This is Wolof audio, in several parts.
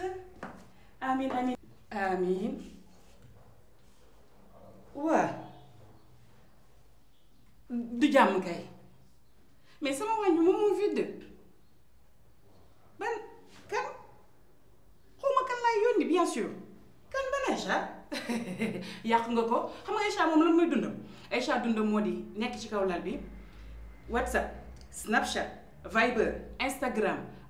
sànq amin amin amin waa du jàmm kay mais sama wàññi moom mu vide ban kan xawma kan laay yónni bien sûr kan ban Aïcha yàq nga ko xam nga Aïcha moom la muy dundam Aïcha dundam moo di nekk ci kaw lal bi WhatsApp Snapchat Viber Instagram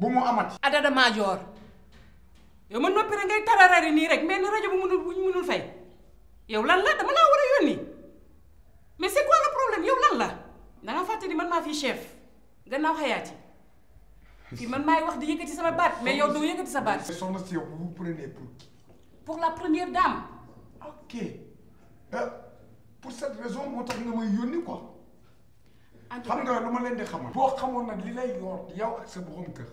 bu amati. adada Major. yow man noppi rek ngay tararari ni rek mais ni rajo bu mënul bu mënul fay yow lan la dama la wara yoni. mais c'est quoi le problème yow lan la da nga fàtte man ma fi chef gannaaw xayaati Fi man may wax di yëkëti sama baat mais yow do yëkëti sa baat. soxna si yow vous prenez pour. qui? pour la première dame. ok euh, pour cette raison mo tax nga may yoni quoi. xam nga luma ma leen di xamal. Bo xamone nak li lay yor yow ak sa borom kër.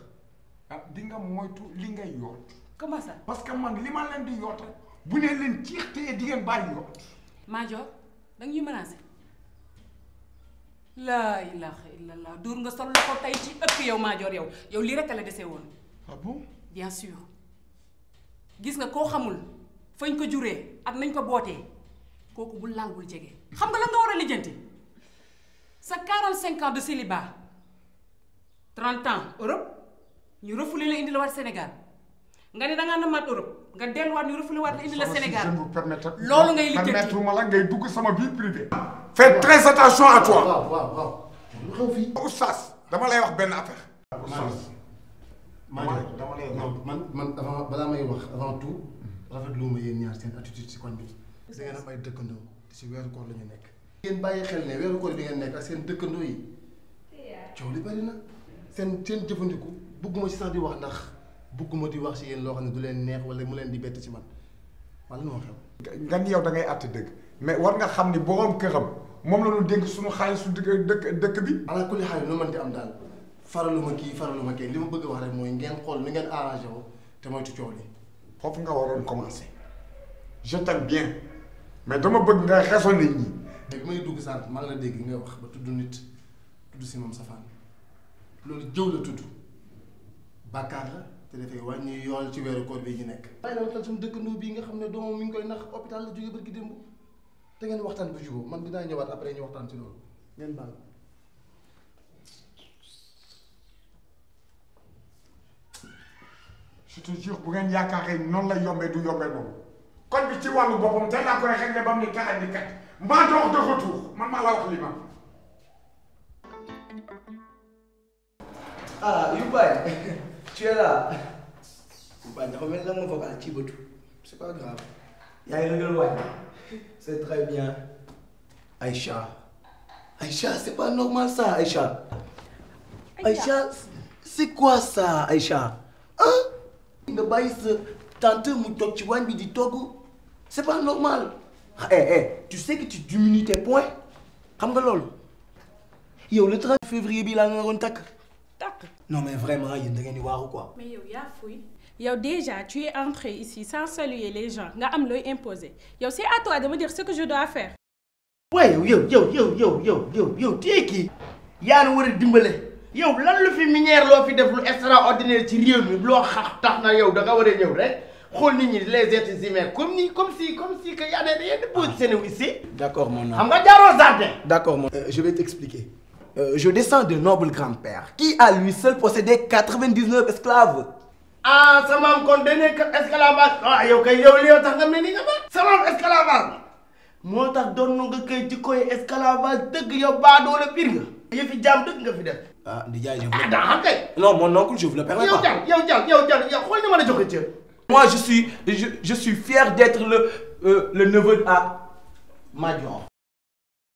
ah di nga moytu li ngay yoot comment ça parce que man li ma leen di yoota bu ne leen ciixtee di ngeen bàyyi yoot Madior da nga ñuy menacé laa ilaha illallah dóor nga sol loxo tey ci ëpp yow Madior yow yow lii rek la desee woon ah bien sûr gis nga koo xamul fañ ko juree ak nañ ko bootee kooku bu langul jege xam nga la nga war a lijjanti sa 45 ans de célibat 30 ans Europe ñu refoulé la indi la war Sénégal nga ni da nga namat Europe nga delluwaat ñu refoulé waat la indi la Sénégal loolu ngay lijjanti permettre ma la ngay dugg sama vie privée. fais très attention à toi. waaw waaw waaw. lu xew fii. dama lay wax benn affaire. oustaz. man dama man man may wax avant tout rafetlu ma yéen ñaar seen attitude si koñ bi. da ngeen am ay dëkkandoo si weeru koor la nekk. ngeen bàyyi xel ne weeru koor bi ngeen nekk ak seen dëkkandoo yi coow li bari na seen seen jëfandiku. bëgguma ci sax di wax ndax bëgguma di wax ci yéen loo xam ne du leen neex wala mu leen di bett ci man wala moo xam. nga ni yow da ngay àtte dëgg mais war nga xam ni borom këram moom la ñu dénk suñu xaalisu dëkk dëkk dëkk bi. ala kulli xaalis lu mën di am daal faraluma kii faraluma kii li ma bëgg wax rek mooy ngeen xool ni ngeen arrangé wu te moytu coow li. foofu nga waroon commencer je t'aime bien mais dama bëgg nga xeso nit ñi. mais may dugg sant maa la dégg nga wax ba tudd nit tudd si moom safaan loolu jëw la tudd bàkkaar la te dafay wàññi yool ci weeru koor bi ñu nekk. bàyyi naa waxtaan suñu dëkkandoo bi nga xam ne doomam mi ngi koy nax hôpital la jógee barki dembu té ngeen waxtaan bu jubóo man dina ñëwaat après ñu waxtaan ci loolu ngeen baal. ci te jure bu ngeen yaakaaré non la yombé du yombé noonu kon bi ci walu boppam té laa koy réglé ba mu ne kat andi kat maa dox de retour man maa la wax li ma. ah you bàyyi. Tu es euh, bah, là. C'est pas grave. une C'est très bien. Aïcha. Aïcha, c'est pas normal ça, Aïcha. Aïcha, c'est quoi ça, Aïcha Hein tante mu c'est pas normal. Ah, eh eh tu sais que tu diminues tes points xam nga le 30 février non, mais vraiment, il y a des ou quoi. Mais il y a fouille. Yow déjà, tu es entré ici sans saluer les gens. Nga am loy imposé. Yow, c'est à toi de me dire ce que je dois faire. Ouais, yo, yo, yo, yo, yo, yo, yo, tu es qui Yann Wara Dimbele. Yow, lan le fi minière lo fi def lu extraordinaire ci réew mi lo xax tax na yow da nga wara ñew rek. Xol nit ñi les êtres humains comme ni comme si comme si que y a des rien de ah. ici. D'accord mon homme. Xam nga jardin. D'accord mon. Euh, je vais t'expliquer. Euh, je descends de noble grand-père qui à lui seul possédait 99 esclaves. ah ça m'a condamné day esclavage ah yow kay yow li yow tax nga mel ni nga mel. sa maam esclavage la moo tax doon nga kay ci koy esclavage dëgg yow baadoo la pire nga. yëfi jaam dëgg nga fi def. ah Ndiaye je vous le. ah kay. non mon oncle je vous le permets pas. yow jàll yow jàll yow jàll yow xool na ma la joxe cër. moi je suis je je suis fier d'être le euh, le neveu à ah, Madior.